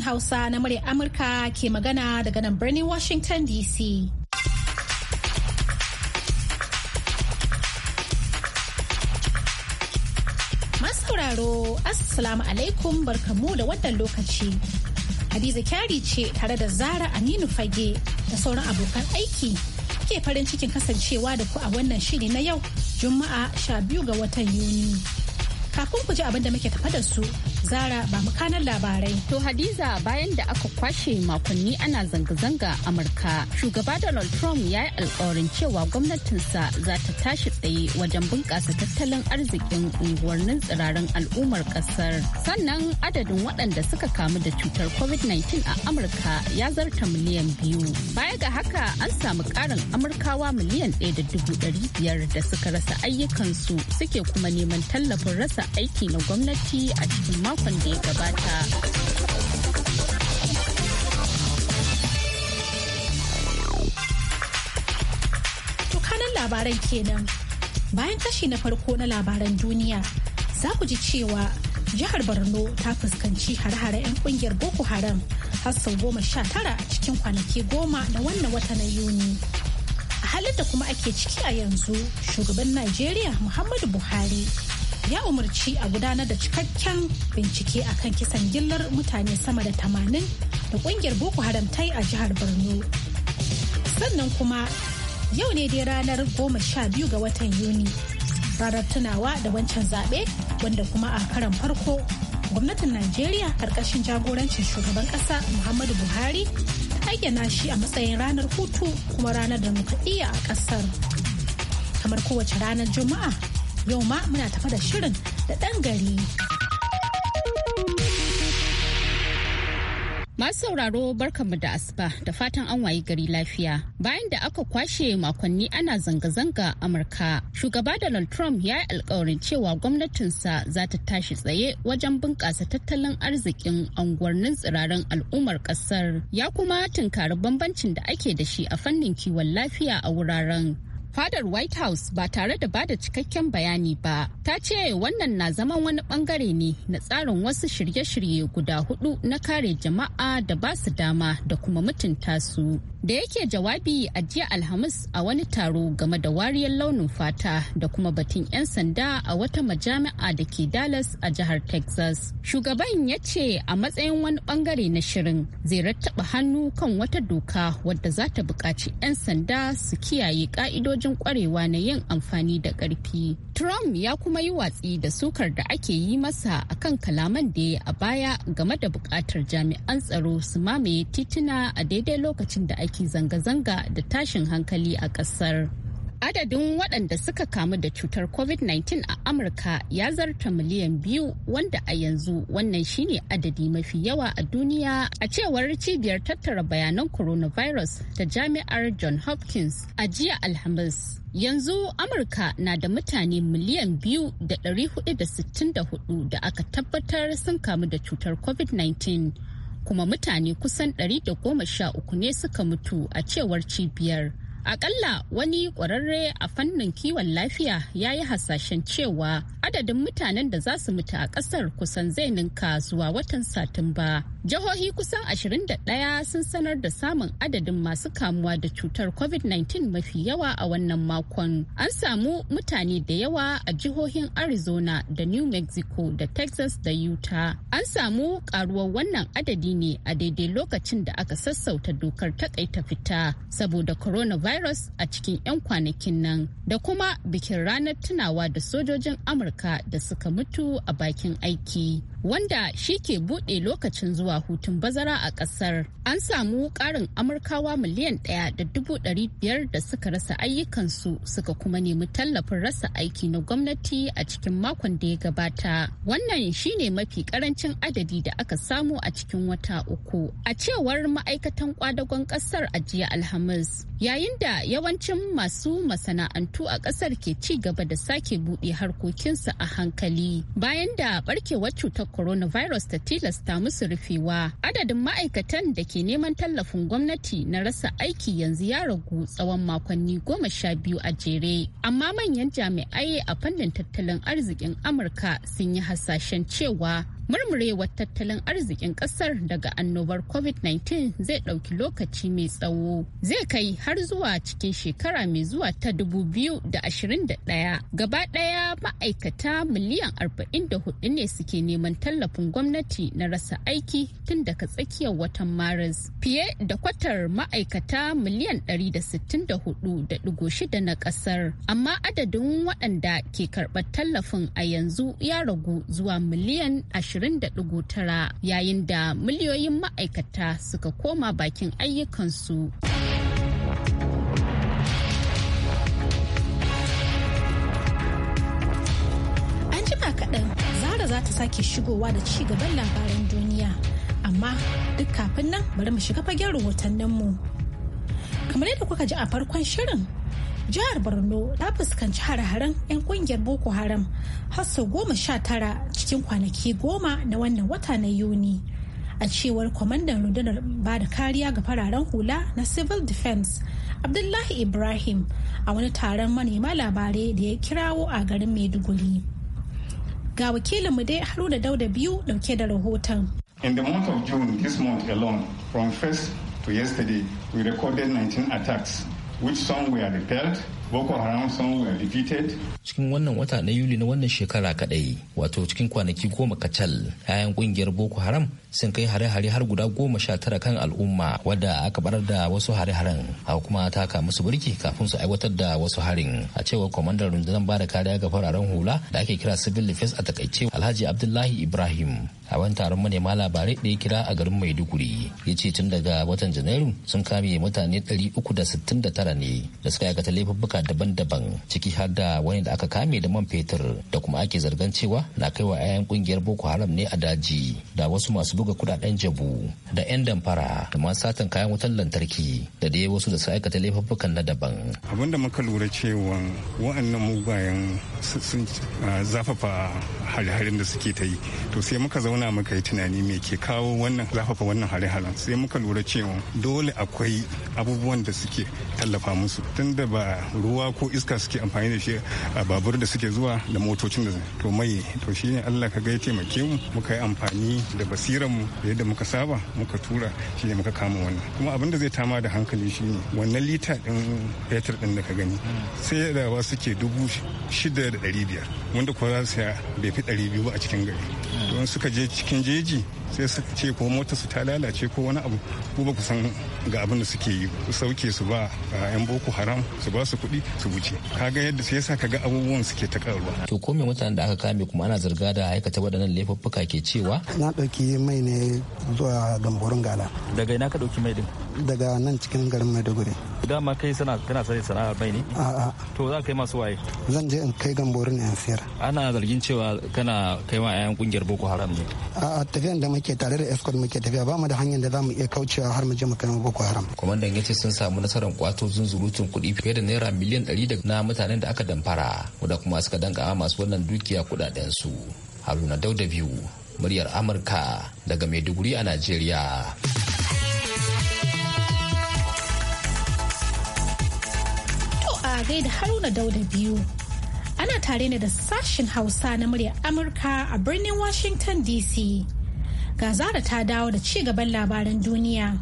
sashen Hausa na murya Amurka ke magana daga nan birnin Washington DC. sauraro Assalamu alaikum barkamu da wannan lokaci. Hadiza kyari ce tare da Zara Aminu Fage da sauran abokan aiki ke farin cikin kasancewa da ku a wannan shiri na yau Juma'a 12 ga watan Yuni. Kafin ku ji abin da muke tafa da su Zara ba makanan labarai. To Hadiza bayan da aka kwashe makonni ana zanga-zanga Amurka. Shugaba Donald Trump ya yi alkawarin cewa gwamnatinsa za ta tashi tsaye wajen bunƙasa tattalin arzikin unguwannin tsirarin al'ummar ƙasar. Sannan adadin waɗanda suka kamu da cutar COVID-19 a Amurka ya zarta miliyan biyu. Baya ga haka an samu ƙarin Amurkawa miliyan ɗaya da dubu ɗari biyar da suka rasa ayyukansu suke kuma neman tallafin rasa aiki na gwamnati a cikin mako makon da ya gabata. Tukanan labaran kenan. Bayan kashi na farko na labaran duniya, za ku ji cewa jihar Borno ta fuskanci hare hare 'yan kungiyar Boko Haram har sau goma sha tara a cikin kwanaki goma na wannan wata na Yuni. halin da kuma ake ciki a yanzu shugaban najeriya muhammadu buhari ya umarci a gudanar da cikakken bincike a kan kisan gillar mutane sama da tamanin da kungiyar boko haram ta a jihar borno sannan kuma yau ne dai ranar goma sha biyu ga watan yuni ranar tunawa da wancan zaɓe wanda kuma a karan farko gwamnatin najeriya karkashin jagorancin shugaban ƙasa muhammadu buhari ta ayyana shi a matsayin ranar hutu kuma ranar da muka iya a ƙasar kamar kowace ranar juma'a Yau ma muna tafa da shirin da ɗan gari. Masu sauraro barkanmu da asuba da fatan an wayi gari lafiya. Bayan da aka kwashe makonni ana zanga-zanga Amurka, shugaba Donald Trump ya yi alkawarin cewa gwamnatinsa za ta tashi tsaye wajen bunƙasa tattalin arzikin unguwannin tsirarin al'ummar ƙasar. Ya kuma tunkari bambancin da ake da shi a fannin kiwon lafiya a wuraren fadar white house ba tare da bada cikakken bayani ba ta ce wannan na zaman wani bangare ne na tsarin wasu shirye-shirye guda hudu na kare jama'a da ba su dama da kuma mutunta su da yake jawabi a jiya alhamis a wani taro game da wariyar launin fata da kuma batun 'yan sanda a wata majami'a da ke dallas a jihar texas shugaban ya ce a matsayin wani bangare na shirin zai rattaba hannu kan wata doka wadda za ta buƙaci 'yan sanda su kiyaye ka'idojin cikin kwarewa na yin amfani da ƙarfi. Trump ya kuma yi watsi da sukar da ake yi masa akan kalaman da ya a baya game da buƙatar jami'an tsaro su mamaye tituna a daidai lokacin da ake zanga-zanga da tashin hankali a ƙasar. Adadin waɗanda suka kamu da cutar COVID-19 a Amurka ya zarta miliyan biyu wanda a yanzu wannan shine adadi mafi yawa a duniya a cewar cibiyar tattara bayanan coronavirus ta jami'ar John Hopkins a jiya Alhamis. yanzu amurka na da mutane miliyan biyu da ɗari hudu da sittin da hudu da aka tabbatar sun kamu da cutar covid-19 kuma mutane kusan ɗari da goma sha uku ne suka mutu a cewar cibiyar Akalla wani ƙwararre a fannin kiwon lafiya ya yi hasashen cewa adadin mutanen da za su mutu a ƙasar kusan zai ninka zuwa watan Satumba. Jihohi kusan 21 sun sanar da samun adadin masu kamuwa da cutar COVID-19 mafi yawa a wannan makon. An samu mutane da yawa a jihohin Arizona da New Mexico da Texas da Utah. An samu ƙaruwar wannan adadi ne a daidai lokacin da aka sassauta dokar ta fita saboda coronavirus. coronavirus a cikin 'yan kwanakin nan da kuma bikin ranar tunawa da sojojin Amurka da suka mutu a bakin aiki. wanda shi ke buɗe lokacin zuwa hutun bazara a ƙasar. An samu ƙarin Amurkawa miliyan ɗaya da dubu ɗari biyar da suka rasa ayyukansu suka kuma nemi tallafin rasa aiki na gwamnati a cikin makon da ya gabata. Wannan shi ne mafi ƙarancin adadi da aka samu a cikin wata uku. A cewar ma'aikatan kwadagon ƙasar a jiya Alhamis, yayin da yawancin masu masana'antu a ƙasar ke ci gaba da sake buɗe harkokinsu a hankali. Bayan da ɓarkewar cutar coronavirus ta tilasta musu rufewa. Adadin ma'aikatan da ke neman tallafin gwamnati na rasa aiki yanzu ya ragu tsawon makonni goma sha biyu a jere. Amma manyan jami'ai a fannin tattalin arzikin Amurka sun yi hasashen cewa murmurewar tattalin arzikin kasar daga annobar covid-19 zai ɗauki lokaci mai tsawo zai kai har zuwa cikin shekara mai zuwa ta 2021 gaba ɗaya ma'aikata miliyan 44 ne suke neman tallafin gwamnati na rasa aiki tun daga tsakiyar watan maris fiye da kwatar ma'aikata miliyan 164.6 na kasar amma adadin waɗanda ke karɓar tallafin a yanzu ya ragu zuwa miliyan 20 20.9 yayin da miliyoyin ma'aikata suka koma bakin ayyukansu. An jima kaɗan Zara za ta sake shigowa da ci gaban labaran duniya. Amma duk kafin nan bari mu shiga fagen mu. Kamar yadda kuka ji a farkon shirin jihar borno ta fuskanci hare-haren 'yan kungiyar boko haram har sau goma sha tara cikin kwanaki goma na wannan wata na yuni a cewar kwamandan rundunar ba da kariya ga fararen hula na civil defense abdullahi ibrahim a wani taron manema labarai da ya kirawo a garin maiduguri ga wakilinmu dai haruna dauda biyu dauke da rahoton in the month of june this month alone from first to yesterday we recorded 19 attacks which song we are repelled, Boko Haram sun defeated. Cikin wannan wata na Yuli na wannan shekara kadai, wato cikin kwanaki goma kacal, 'ya'yan kungiyar Boko Haram sun kai hare-hare har guda goma sha tara kan al'umma wadda aka barar da wasu hare-haren a kuma ta kama musu birki kafin su aiwatar da wasu harin a cewar kwamandan rundunar da kariya ga fararen hula da ake kira civil defense a takaice alhaji abdullahi ibrahim a wani taron manema labarai da kira a garin maiduguri ya ce tun daga watan janairu sun kame mutane uku da da tara ne da suka aikata laifuffuka laifuka daban-daban ciki har da wani da aka kame da man fetur da kuma ake zargan cewa na kaiwa 'ya'yan kungiyar boko haram ne a daji da wasu masu buga kudaden jabu da 'yan damfara da masu satan kayan wutar lantarki da dai wasu da su aikata laifukan na daban abin da muka lura cewa wa'annan mugayen sun zafafa hare da suke ta yi to sai muka zauna muka yi tunani me ke kawo wannan zafafa wannan hare-haren sai muka lura cewa dole akwai abubuwan da suke tallafa musu tun da ba ruwa ko iska suke amfani da shi a babur da suke zuwa da motocin da to mai to shi ne Allah ka ga ya taimake mu muka yi amfani da basiran mu da yadda muka saba muka tura shi ne muka kama wannan kuma abin da zai tama da hankali shi ne wannan lita din fetur din da ka gani sai da ba suke dubu shida da ɗari biyar wanda kuwa za su bai fi ɗari biyu ba a cikin gari don suka je cikin jeji sai su ce ko mota su ta lalace ko wani abu ko ba ku san ga abin da suke yi sauke su ba yan boko haram su ba su kuɗi su wuce kaga yadda sai yasa kaga abubuwan suke ta karuwa to ko me mutanen da aka kame kuma ana zarga da aikata waɗannan laifuffuka ke cewa na ɗauki mai ne zuwa gamborin gala daga ina ka ɗauki mai din daga nan cikin garin maiduguri dama kai sana kana sai sana'ar bai ne a'a to za ka kai masu waye zan je in kai gamborin yan siyar ana zargin cewa kana kai ma yan kungiyar boko haram ne a'a tafiyan da muke tare da escort muke tafiya ba mu da hanyar da za mu iya kaucewa har mu je mu kai boko haram kwamandan yace sun samu nasarar kwato zunzurutun kuɗi fiye da naira miliyan 100 na mutanen da aka damfara wanda kuma suka danka masu wannan dukiya kudaden su haruna dauda biyu muryar amurka daga maiduguri a najeriya agai da haruna dauda biyu ana tare ne da sashen hausa na murya amurka a birnin washington dc ga zara ta dawo da ci gaban labaran duniya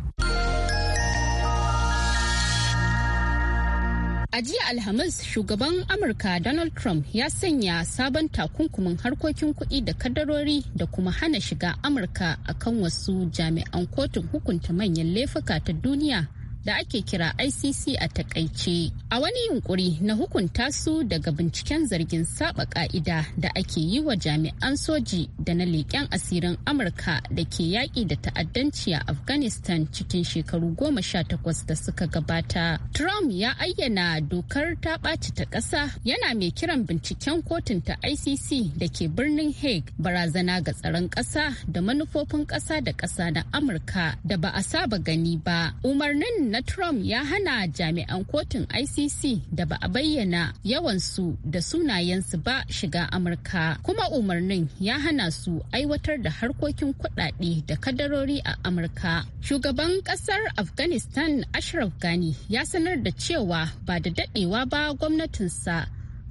A jiya Alhamis, shugaban Amurka Donald Trump ya sanya sabon takunkumin harkokin kuɗi da kadarori da kuma hana shiga Amurka akan wasu jami'an kotun hukunta manyan laifuka ta duniya da ake kira ICC a takaice. A wani yunkuri na hukunta su daga binciken zargin saba ka'ida da ake yi wa jami'an soji da na leƙen asirin Amurka da ke yaƙi da ta'addanci a Afghanistan cikin shekaru goma sha takwas da suka gabata. Trump ya ayyana dokar ta ɓaci ta ƙasa yana mai kiran binciken kotun ta ICC da ke birnin Hague barazana ga tsaron ƙasa da manufofin ƙasa da ƙasa na Amurka da ba a saba gani ba. Umarnin na Trump ya hana jami'an kotun ICC da ba a bayyana yawansu da sunayensu ba shiga Amurka. Kuma umarnin ya hana su aiwatar da harkokin kuɗaɗe da kadarori a Amurka. Shugaban ƙasar Afghanistan Ashraf Ghani ya sanar da cewa ba da daɗewa ba gwamnatinsa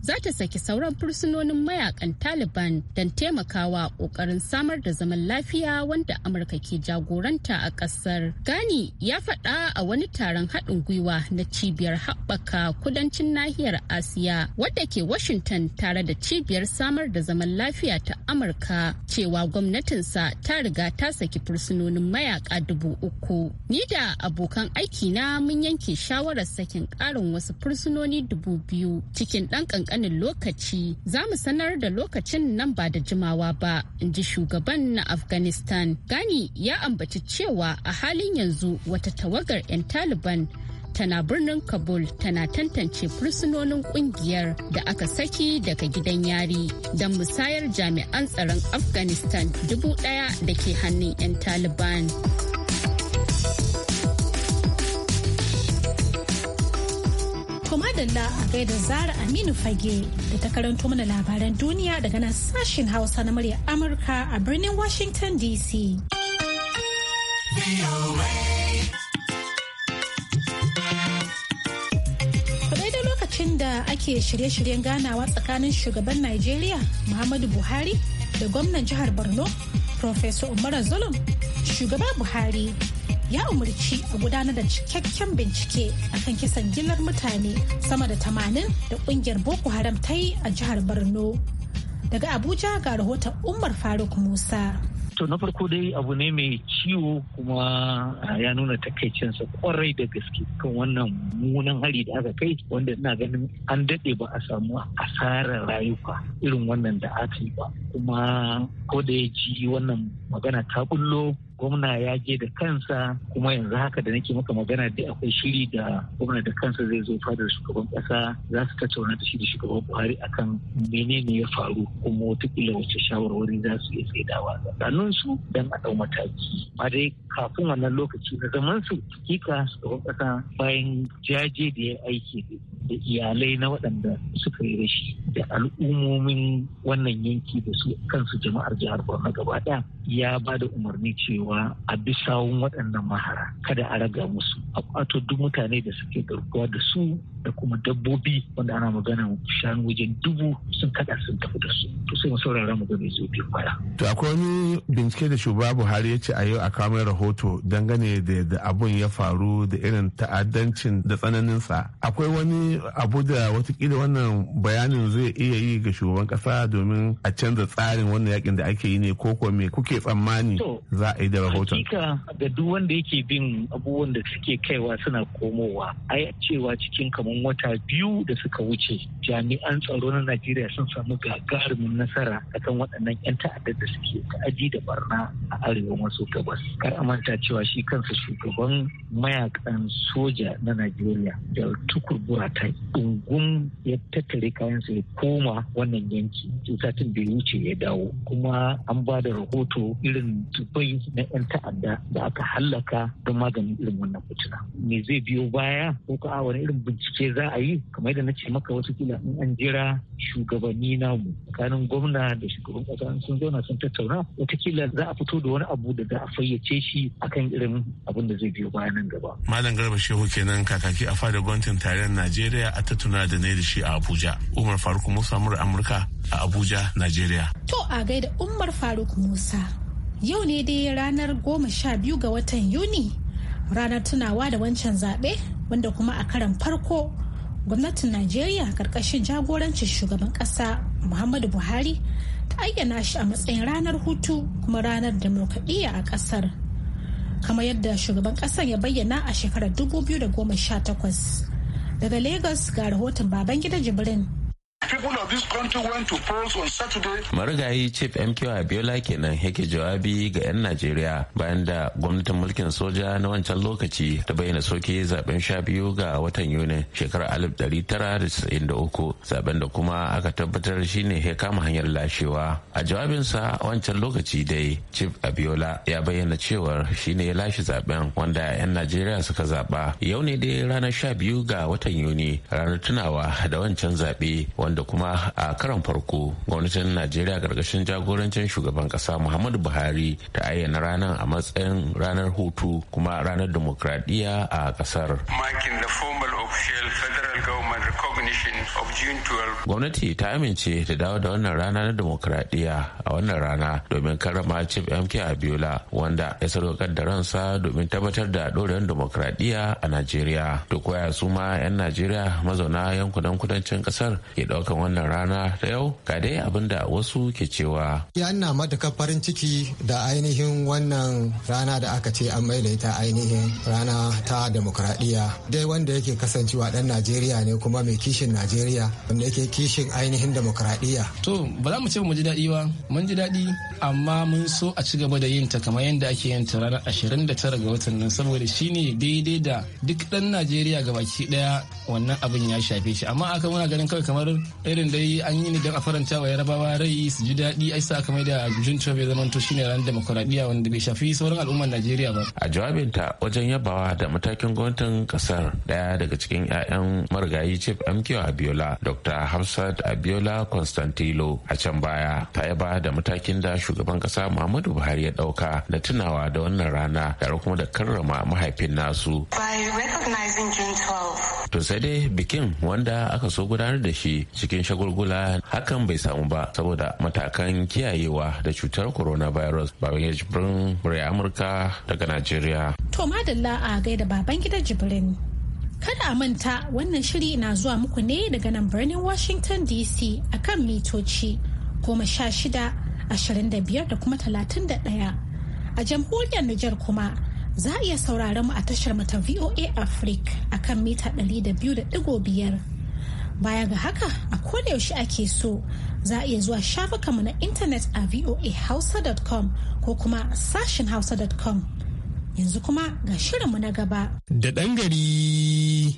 za ta saki sauran fursunonin mayakan Taliban don taimakawa ƙoƙarin samar da zaman lafiya wanda Amurka ke jagoranta a ƙasar. Gani ya faɗa a wani taron haɗin gwiwa na cibiyar haɓaka kudancin nahiyar Asiya wadda ke Washington tare da cibiyar samar da zaman lafiya ta Amurka cewa gwamnatinsa ta riga ta saki fursunonin mayaka dubu uku. Ni da abokan aiki na mun yanke shawarar sakin ƙarin wasu fursunoni dubu biyu cikin ɗan ƙanƙan kankanin lokaci za mu sanar da lokacin nan ba da jimawa ba in ji shugaban na afghanistan gani ya ambaci cewa a halin yanzu wata tawagar 'yan taliban tana birnin kabul tana tantance fursunonin kungiyar da aka saki daga gidan yari don musayar jami'an tsaron afghanistan dubu daya da ke hannun 'yan taliban da madalla a da Zara Aminu Fage da ta karanto mana labaran duniya daga nan sashen Hausa na murya Amurka a birnin Washington DC. da lokacin da ake shirye-shiryen ganawa tsakanin shugaban Najeriya Muhammadu Buhari da gwamnan jihar Borno, Professor Umar Zulum, shugaba Buhari ya umarci a gudanar da cikakken bincike a kan kisan gillar mutane sama da tamanin da kungiyar boko haram ta yi a jihar borno daga abuja ga rahoton umar faruk musa to na farko dai abu ne mai ciwo kuma ya nuna takaicinsa kwarai da gaske kan wannan munan hari da aka kai wanda ina ganin an daɗe ba a samu asarar rayuka irin wannan da aka yi ba kuma ko da ya ji wannan magana ta bullo gwamna ya je da kansa kuma yanzu haka da nake maka magana da akwai shiri da gwamna da kansa zai zo fadar shugaban kasa za su tattauna da shi da shugaban buhari akan menene ya faru kuma watakila wace shawarwari za su iya tsaidawa tsakanin su don a dau mataki ma dai kafin wannan lokaci na zaman su hakika shugaban kasa bayan jaje da ya aiki da iyalai na waɗanda suka yi rashi da al'ummomin wannan yanki da su kansu jama'ar jihar borno gaba ɗaya ya ba da umarni cewa a bi waɗannan mahara kada a raga musu a kwato duk mutane da suke garkuwa da su da kuma dabbobi wanda ana magana shanu wajen dubu sun kada sun tafi da su to sai masu rara mu mai zo to akwai wani bincike da shugaba buhari ya ce a yau a kamar rahoto dangane da yadda abun ya faru da irin ta'addancin da tsananinsa akwai wani abu da watakila wannan bayanin zai iya yi ga shugaban kasa domin a canza tsarin wannan yakin da ake yi ne ko kuwa me kuke kuke tsammani za a yi da rahoton? Hakika ga duk wanda yake bin abubuwan da suke kaiwa suna komowa. Ai cewa cikin kamar wata biyu da suka wuce jami'an tsaro na Najeriya sun samu gagarumin nasara akan waɗannan 'yan ta'addar da suke ta'adi da barna a arewa maso gabas. Kar a manta cewa shi kansa shugaban mayakan soja na Najeriya da tukur burata dungun ya tattare kayansa ya koma wannan yanki. Satin bai wuce ya dawo kuma an ba da rahoto ko irin tubai na 'yan ta'adda da aka hallaka don maganin irin wannan fitina me zai biyo baya ko ka wani irin bincike za a yi kamar yadda na ce maka wasu kila in an jira shugabanni namu tsakanin gwamna da shugaban kasa sun zauna sun tattauna kila za a fito da wani abu da za a fayyace shi akan irin abin da zai biyo baya nan gaba malam garba shehu kenan kakaki a fadar gwamnatin tarayyar najeriya a tattuna da ne da shi a abuja umar faruk musa mura amurka a abuja najeriya to a gaida umar faruk musa yau ne dai ranar goma sha biyu ga watan yuni ranar tunawa da wancan zaɓe wanda kuma a karan farko gwamnatin najeriya karkashin jagorancin shugaban ƙasa muhammadu buhari ta ayyana shi a matsayin ranar hutu kuma ranar demokadiyya a ƙasar kama yadda shugaban ƙasar ya bayyana a shekarar 2018 daga lagos ga rahoton babangida jibrin Marigayi Chief MQ Abiola kenan yake jawabi ga 'yan Najeriya bayan da gwamnatin mulkin soja na wancan lokaci ta bayyana soke zaben sha biyu ga watan Yuni shekarar 1993 zaben da kuma aka tabbatar shine ya kama hanyar lashewa. A jawabinsa wancan lokaci dai Chief Abiola ya bayyana cewar shine ya lashe zaben wanda 'yan Najeriya suka zaba. Yau ne dai ranar sha biyu ga watan Yuni ranar tunawa da wancan zaɓe wanda da kuma a karon farko gwamnatin najeriya gargashin jagorancin shugaban kasa muhammadu buhari ta ayyana ranar a matsayin ranar hutu kuma ranar demokradiyya a kasar gwamnati ta amince ta dawo da wannan rana na demokradiyya a wannan rana domin karama chief mk abiola wanda ya sadaukar da ransa domin tabbatar da dorewar demokradiyya a najeriya to koya su ma 'yan najeriya mazauna yankunan kudancin kasar ke kan wannan rana da yau ga dai abin da wasu ke cewa. Ya na matuƙar farin ciki da ainihin wannan rana da aka ce an maida ita ainihin rana ta demokradiyya. Dai wanda yake kasancewa dan Najeriya ne kuma mai kishin Najeriya wanda yake kishin ainihin demokradiyya. To ba za mu ce mu ji daɗi ba mun ji daɗi amma mun so a ci gaba da yin ta kamar yadda ake yin ta ranar tara ga watan nan saboda shine daidai da duk ɗan Najeriya gabaki ɗaya wannan abin ya shafe shi amma aka muna ganin kawai kamar irin dai an yi ni don a faranta wa yarabawa rai su ji daɗi ai sa kamar da jun tobe zaman to shine ran demokuraɗiyya wanda bai shafi sauran al'ummar najeriya ba a jawabinta wajen yabawa da matakin gwamnatin kasar daya daga cikin 'ya'yan marigayi chief mq abiola dr hafsat abiola constantino a can baya ta yaba da matakin da shugaban kasa muhammadu buhari ya ɗauka da tunawa da wannan rana tare kuma da karrama mahaifin nasu to sai dai bikin wanda aka so gudanar da shi cikin shagulgula hakan bai samu ba saboda matakan kiyayewa da cutar coronavirus baban gida jibrin murya amurka daga najeriya to madalla a gaida baban gida jibrin kada a manta wannan shiri na zuwa muku ne daga nan birnin washington dc akan mitoci goma sha shida ashirin da biyar da kuma talatin da ɗaya a jamhuriyar Niger kuma za a iya sauraron mu a tashar mata voa africa akan mita ɗari da biyu da ɗigo biyar Baya ga haka a koda yaushe ake so za a iya zuwa mu na intanet a voahausa.com ko kuma sashin hausa.com. Yanzu kuma ga shirin mu na gaba. Da ɗan gari.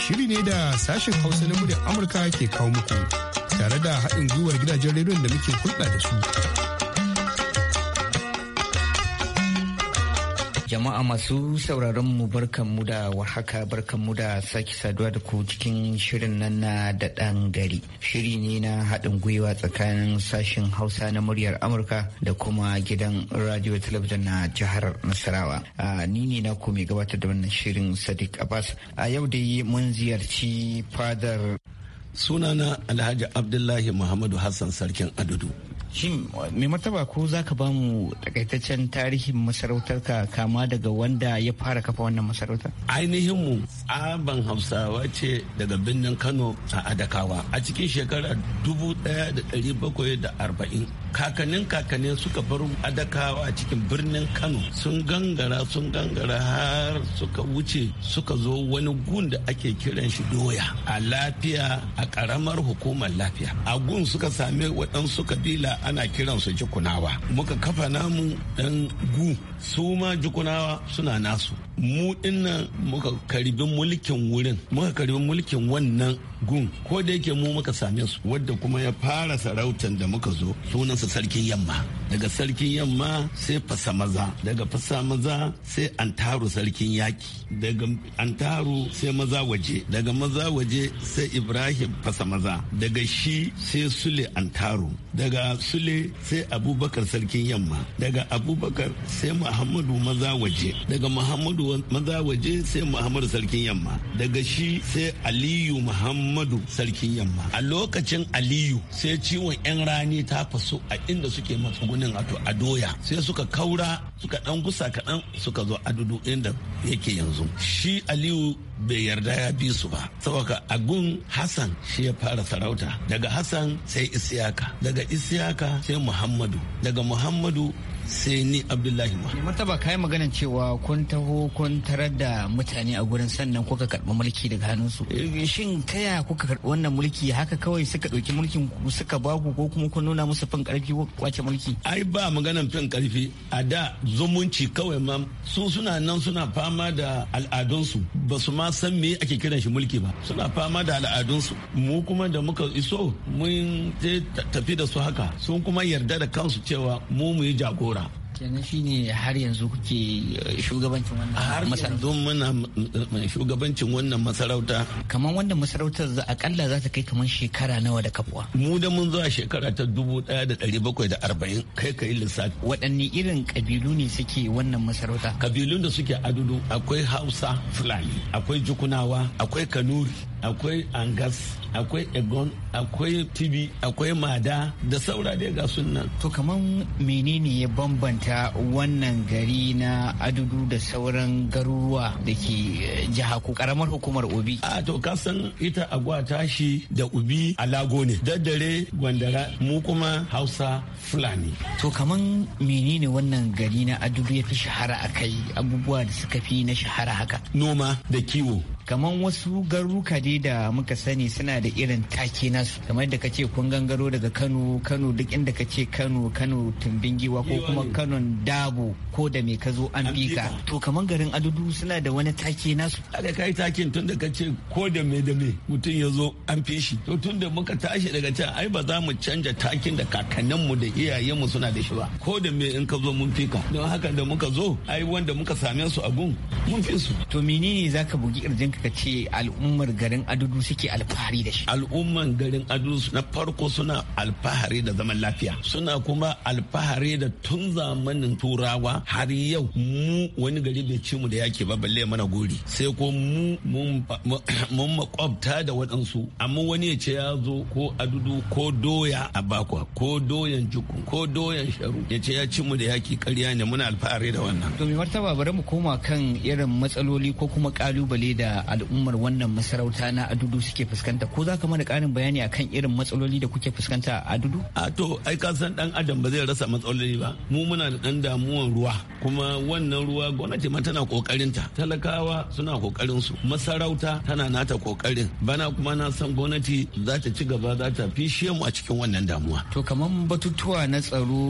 Shiri ne da sashin hausa na muryar Amurka ke kawo muku tare da haɗin gwiwar gidajen rediyon da muke hulɗa da su. Jama'a masu sauraron mu mu da warhaka mu da sake saduwa da ku cikin shirin nan na da dan gari. Shiri ne na haɗin gwiwa tsakanin sashen Hausa na muryar Amurka da kuma gidan radio talabijin na jihar Nasarawa. Ni ne na ku mai gabatar da wannan shirin Sadiq Abbas. A yau dai mun ziyarci fadar sunana Alhaji Abdullahi Muhammadu Hassan Sarkin Adudu. Shin mai martaba ko za ka bamu takaitaccen tarihin masarautar ka kama daga wanda ya fara kafa wannan masarautar? Ainihin mu tsaban Hausawa ce daga birnin Kano a Adakawa a cikin shekarar 1740 kakannin kakannin suka bar adakawa a cikin birnin kano sun gangara sun gangara har suka wuce suka zo wani gun da ake kiran shi doya a lafiya a karamar hukumar lafiya a gun suka sami waɗansu kabila ana kiransu jikunawa muka kafa namu ɗan gu su ma jikunawa suna nasu mu dinnan muka karbi mulkin wurin muka karbi mulkin wannan gun ko da yake mu muka same su wadda kuma ya fara sarautan da muka zo sunansa sarkin yamma daga sarkin yamma sai fasa maza daga fasa maza sai antaru sarkin yaki daga antaru sai maza waje daga maza waje sai ibrahim fasa maza daga shi sai sule antaru daga sule sai abubakar sarkin yamma daga abubakar sai muhammadu maza waje daga muhammadu maza waje sai muhammadu sarkin yamma daga shi sai aliyu muhammadu sarkin yamma a lokacin aliyu sai ciwon yan rani ta faso a inda suke matsugunin a doya sai suka kaura suka dan gusa kaɗan suka zo a dudu inda yake yanzu shi aliyu bai yarda ya bi su ba saboda agun hassan shi ya fara sarauta daga hassan sai isiyaka daga isiyaka sai muhammadu daga muhammadu sai ni abdullahi ma martaba ka yi cewa kun taho kun tarar da mutane a gurin sannan kuka karɓi mulki daga hannunsu eh, shin ta yaya kuka karɓi wannan mulki haka kawai suka ɗauki mulkin suka ba ku ko kuma kun nuna musu fin ƙarfi kwace mulki ai ba maganan fin ƙarfi a da zumunci kawai ma su suna nan suna fama da al'adunsu ba su ma san me ake kiran shi mulki ba suna fama da al'adunsu mu kuma da muka iso mun tafi da su haka sun kuma yarda da kansu cewa mu mu yi jagora kenan shine har yanzu kuke eh, eh, shugabancin wannan masarauta muna shugabancin wannan masarauta kamar wannan masarautar za akalla za ta kai kamar shekara nawa da kafuwa mu da mun zuwa shekara ta dubu da da bakwai arba'in kai ka yi lissafi waɗanne irin kabilu ne suke wannan masarauta kabilun da suke adudu akwai hausa fulani akwai jukunawa akwai kanuri akwai angas akwai egon akwai tibi akwai mada da saura dai ga sunan to kaman menene ya bambanta wannan gari na adudu da sauran garuruwa da ke eh, jiha ko karamar hukumar obi a to kasan ita agwa tashi da ubi a lago ne daddare gwandara mu kuma hausa fulani to kaman menene wannan gari na adudu ya fi shahara akai kai abubuwa da suka fi na shahara haka noma da kiwo kamar wasu garuruka dai da muka sani suna da irin take nasu kamar da kace kun gangaro daga Kano Kano duk inda kace Kano Kano tumbin giwa ko kuma Kano dabo ko da me ka zo an bi ka to kamar garin Adudu suna da wani take nasu daga kai takin tun da kace ko da me da me mutum ya zo an fi shi to tun da muka tashi daga can ai ba za mu canja takin da mu da iyayenmu suna da shi ba ko da me in ka zo mun fi ka don haka da muka zo ai wanda muka same su a gun mun fi su to menene zaka bugi kirjin ka ce al'ummar garin adudu suke alfahari da shi Al'ummar garin adudu na farko suna alfahari da zaman lafiya suna kuma alfahari da tun zamanin turawa har yau mu wani gari bai ci mu da yaki ba balle mana gori sai ko mu mun makwabta da waɗansu amma wani ya ce ya zo ko adudu ko doya a bakwa ko doyan jukun ko doyan sharu ya ce ya ci mu da yaki karya ne muna alfahari da wannan to mai martaba bari mu koma kan irin matsaloli ko kuma kalubale da al'ummar wannan masarauta na adudu suke fuskanta ko za ka mana ƙarin bayani akan irin matsaloli da kuke fuskanta a adudu a to ai ka san dan adam ba zai rasa matsaloli ba mu muna da dan damuwan ruwa kuma wannan ruwa gwamnati ma tana kokarin ta talakawa suna kokarin su masarauta tana nata kokarin bana kuma na san gwamnati za ta ci gaba za ta fishe mu a cikin wannan damuwa to kamar batutuwa na tsaro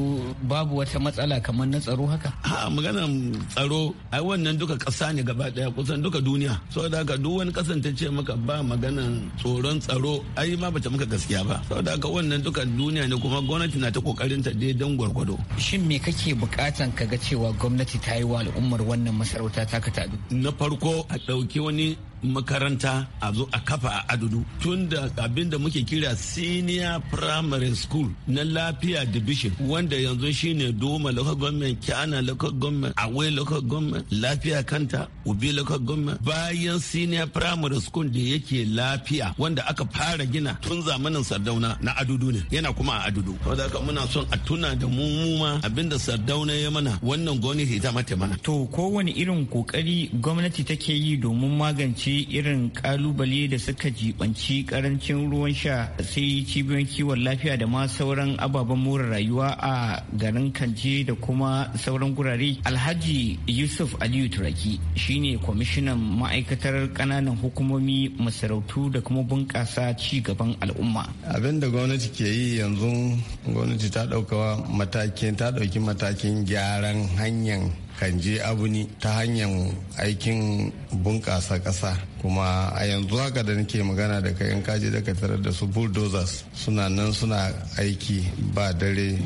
babu wata matsala kamar na tsaro haka a maganar tsaro ai wannan duka kasa ne gaba daya kusan duka duniya da haka duk wani kasan ta ce maka ba maganan tsoron tsaro ai ma bata maka gaskiya ba saboda haka wannan duka duniya ne kuma gwamnati na ta kokarin ta dai don gwargwado shin me kake bukatan kaga cewa gwamnati ta yi wa al'ummar wannan masarauta ta ka na farko a ɗauki wani makaranta a zo a kafa a adudu tun da abin da muke kira senior primary school na lafiya division wanda yanzu shine doma local government kyana local government away local government lafiya kanta ubi local government bayan senior primary school da yake lafiya wanda aka fara gina tun zamanin sardauna na adudu ne yana kuma a adudu wanda haka muna son a tuna da mumuma mu ma abinda sardauna ya mana wannan gwamnati ta mata mana to kowane irin kokari gwamnati take yi domin magance fuskanci irin kalubale da suka jibanci karancin ruwan sha sai cibiyoyin kiwon lafiya da ma sauran ababen more rayuwa a garin kanje da kuma sauran gurare alhaji yusuf aliyu turaki shine kwamishinan ma'aikatar kananan hukumomi masarautu da kuma bunƙasa ci gaban al'umma abin da gwamnati ke yi yanzu gwamnati ta ɗauki matakin gyaran hanyar kan je abuni ta hanyar aikin bunƙasa ƙasa kuma a yanzu haka da nake magana da kayan kaji da tarar da su bulldozers suna nan suna aiki ba dare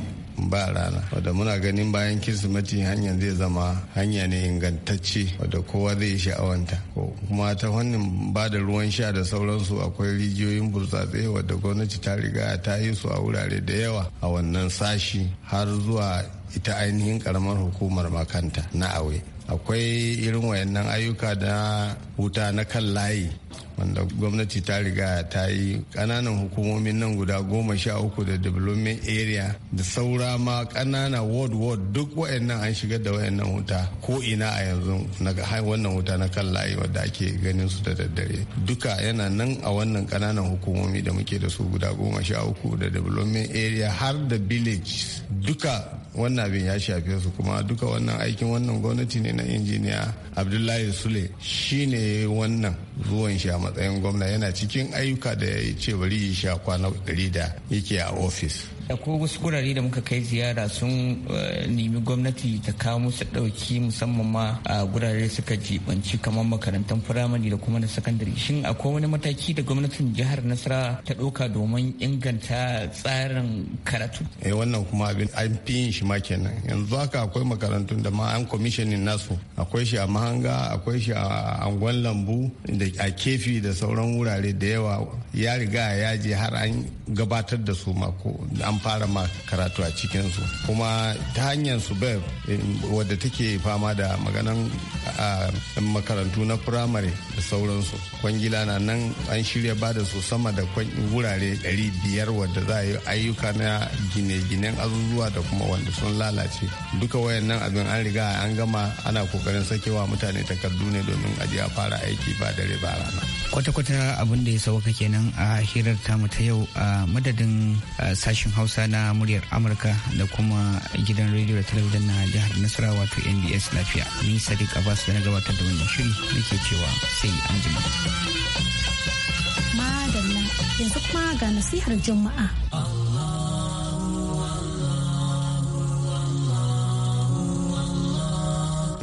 ba rana wadda muna ganin bayan kirsimeti hanyar zai zama hanya ne ingantacce wadda kowa zai yi sha'awanta kuma ta wannan ba da ruwan sha da sauransu akwai rijiyoyin burtsatse wadda gwamnati ta riga ta yi su a wurare da yawa a wannan sashi har zuwa ita ainihin karamar hukumar makanta na awe akwai irin wayannan ayyuka da wuta na kan layi wanda gwamnati ta riga ta yi kananan hukumomin nan guda goma sha uku da development area da saura ma kanana ward ward duk wayannan an shiga da wayannan wuta ko ina a yanzu na wannan wuta na kan layi wadda ake ganin su da daddare duka yana nan a wannan kananan hukumomi da muke da su guda goma sha uku da development area har da village duka wannan abin ya shafe su kuma duka wannan aikin wannan gwamnati ne na injiniya abdullahi sule shi ne wannan zuwan shi a matsayin gwamna yana cikin ayyuka da ya ce bari ya sha kwana 100 da yake a ofis ko wasu kurare da muka kai ziyara sun eh, nemi gwamnati ta kawo musu ɗauki musamman ma a gurare suka jibanci kamar makarantar firamare da kuma na sakandare shin akwai wani mataki da gwamnatin jihar nasara ta dauka domin inganta tsarin karatu eh wannan kuma abin an fi yin shi ma kenan yanzu haka akwai makarantun da ma an commissioning nasu akwai shi a mahanga akwai shi a angon lambu da a kefi da sauran wurare da yawa ya riga ya je har an gabatar da su ma ko an fara ma karatu a cikinsu kuma ta hanyar su bev wadda take fama da maganan makarantu na firamare da sauransu kwangila na nan an shirya ba da su sama da wurare 500 wadda za a yi ayyuka na gine-ginen azuzuwa da kuma wanda sun lalace duka wayannan abin an riga an gama ana kokarin sakewa mutane takardu ne domin a ya fara aiki ba dare ba rana kwata-kwata abin da ya sauka kenan a hirar ta yau a madadin sashen hausa na muryar amurka da kuma gidan rediyo da talabijin na jihar nasara wato nbs lafiya ni sadiq abbas da na gabatar da wannan shiri nake cewa sai an jima madalla yanzu kuma ga nasihar juma'a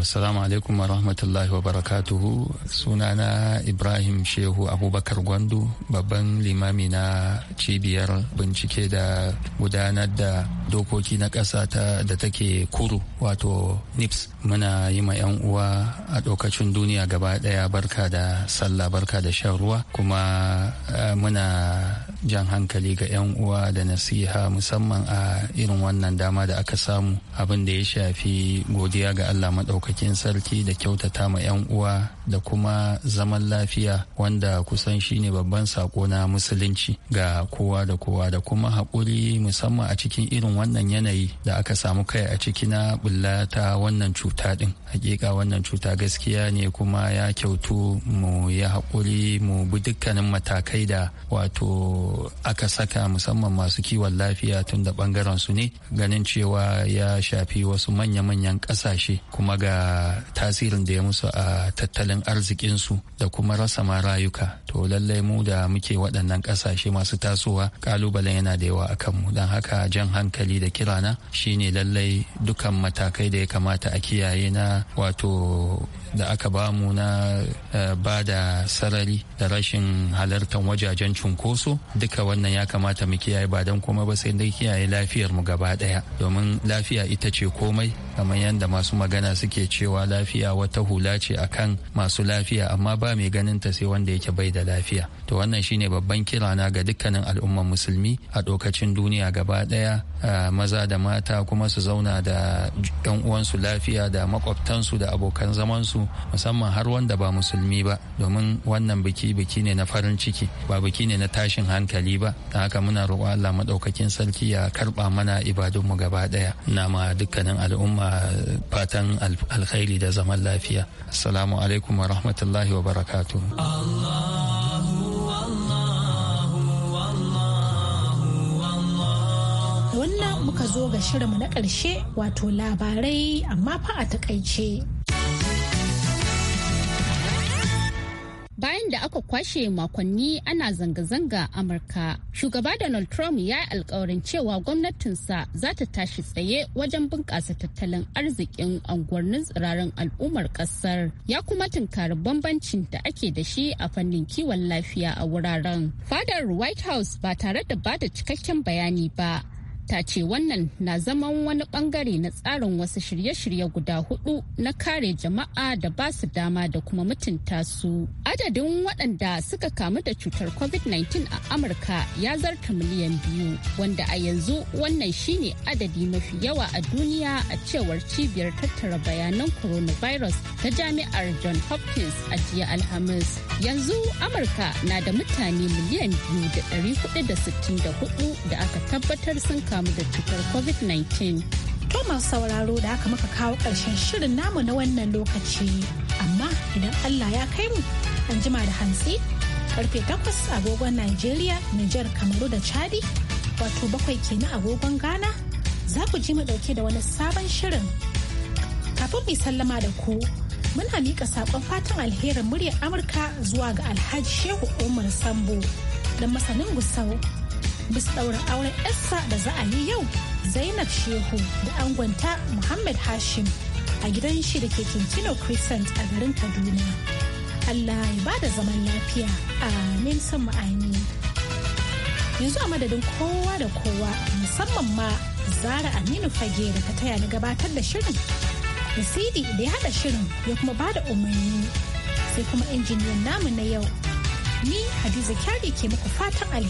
Assalamu alaikum wa rahmatullahi wa barakatuhu sunana Ibrahim Shehu Abubakar Gwandu babban limami na cibiyar bincike da gudanar da dokoki na ƙasa ta da take kuru wato NIPS muna yi ma 'yan uwa a ɗaukacin duniya gaba ɗaya barka da sallah barka da shan ruwa kuma eh, muna jan hankali ga 'yan uwa da nasiha musamman a irin wannan dama da aka samu abin da ya shafi godiya ga allah maɗaukakin sarki da kyautata ma 'yan uwa da kuma zaman lafiya wanda kusan shine babban sako na musulunci ga kowa da kowa da kuma haƙuri musamman a cikin irin wannan yanayi da aka samu kai a ciki na bulla wannan cuta ɗin hakika wannan cuta gaskiya ne kuma ya kyautu mu ya haƙuri mu bi dukkanin matakai da wato aka saka musamman masu kiwon lafiya tun da bangaren su ne ganin cewa ya shafi wasu manya-manyan kasashe kuma ga tasirin da ya musu a tattalin arzikinsu da kuma rasa ma rayuka to lallai mu da muke waɗannan kasashe masu tasowa kalubalen yana da yawa a mu don haka jan hankali da kirana shine lallai dukan matakai da ya kamata a kiyaye na wato da aka ba mu na eh, ba da sarari da rashin halartar wajajen cunkoso duka wannan ya kamata mu kiyaye ba don komai ba sai dai kiyaye lafiyar mu gaba daya domin lafiya ita ce komai kamar yadda masu magana suke cewa lafiya wata hula ce akan masu lafiya amma ba mai ganin ta sai wanda yake bai da lafiya to wannan shine babban kirana ga dukkanin al'umman musulmi a dokacin duniya gaba daya maza da mata kuma su zauna da yan uwansu lafiya da makwabtansu da abokan zamansu musamman har wanda ba musulmi ba domin wannan biki biki ne na farin ciki ba biki ne na tashin hankali ba da haka muna roƙo Allah maɗaukakin sarki ya karɓa mana ibadunmu gaba ɗaya na ma dukkanin al'umma fatan alkhairi da zaman lafiya assalamu alaikum wa rahmatullahi wa barakatuh muka zo ga shirinmu na ƙarshe wato labarai amma fa a takaice. Bayan da aka kwashe makonni ana zanga-zanga Amurka, shugaba Donald Trump ya yi alkawarin cewa gwamnatinsa za ta tashi tsaye wajen bunƙasa tattalin arzikin unguwannin tsirarin al'ummar ƙasar. Ya kuma tunkari bambancin da ake da shi a fannin kiwon lafiya a wuraren. Fadar White House ba tare da bada cikakken bayani ba. ta ce wannan na zaman wani bangare na tsarin wasu shirye-shirye guda hudu na kare jama'a da ba su dama da kuma mutunta su adadin waɗanda suka kamu da cutar covid-19 a amurka ya zarta miliyan biyu wanda a yanzu wannan shine adadi mafi yawa a duniya a cewar cibiyar tattara bayanan coronavirus ta jami'ar john hopkins a jiya alhamis yanzu amurka na da mutane miliyan biyu da hudu da aka tabbatar sun kamu kamu da cutar covid-19 to masu sauraro da aka maka kawo ƙarshen shirin namu na wannan lokaci amma idan allah ya kai mu an jima da hantsi karfe 8 agogon Najeriya, Nijar, Kamaru da Chadi, wato bakwai kenan agogon Ghana, za ku ji mu dauke da wani sabon shirin. Kafin mu sallama da ku, muna miƙa saƙon fatan alherin muryar Amurka zuwa ga Alhaji Shehu Umar Sambo, da masanin Gusau, bisa ɗaurin auren yarsa da za a yi yau zainab shehu da angonta muhammad hashim a gidan shi da ke kinkino crescent a garin kaduna allah ya ba da zaman lafiya amin san ma'ani yanzu a madadin kowa da kowa musamman ma zara aminu fage da ta taya na gabatar da shirin da da ya haɗa shirin ya kuma ba da umarni sai kuma injiniyan namu na yau ni hadiza kyari ke muku fatan alheri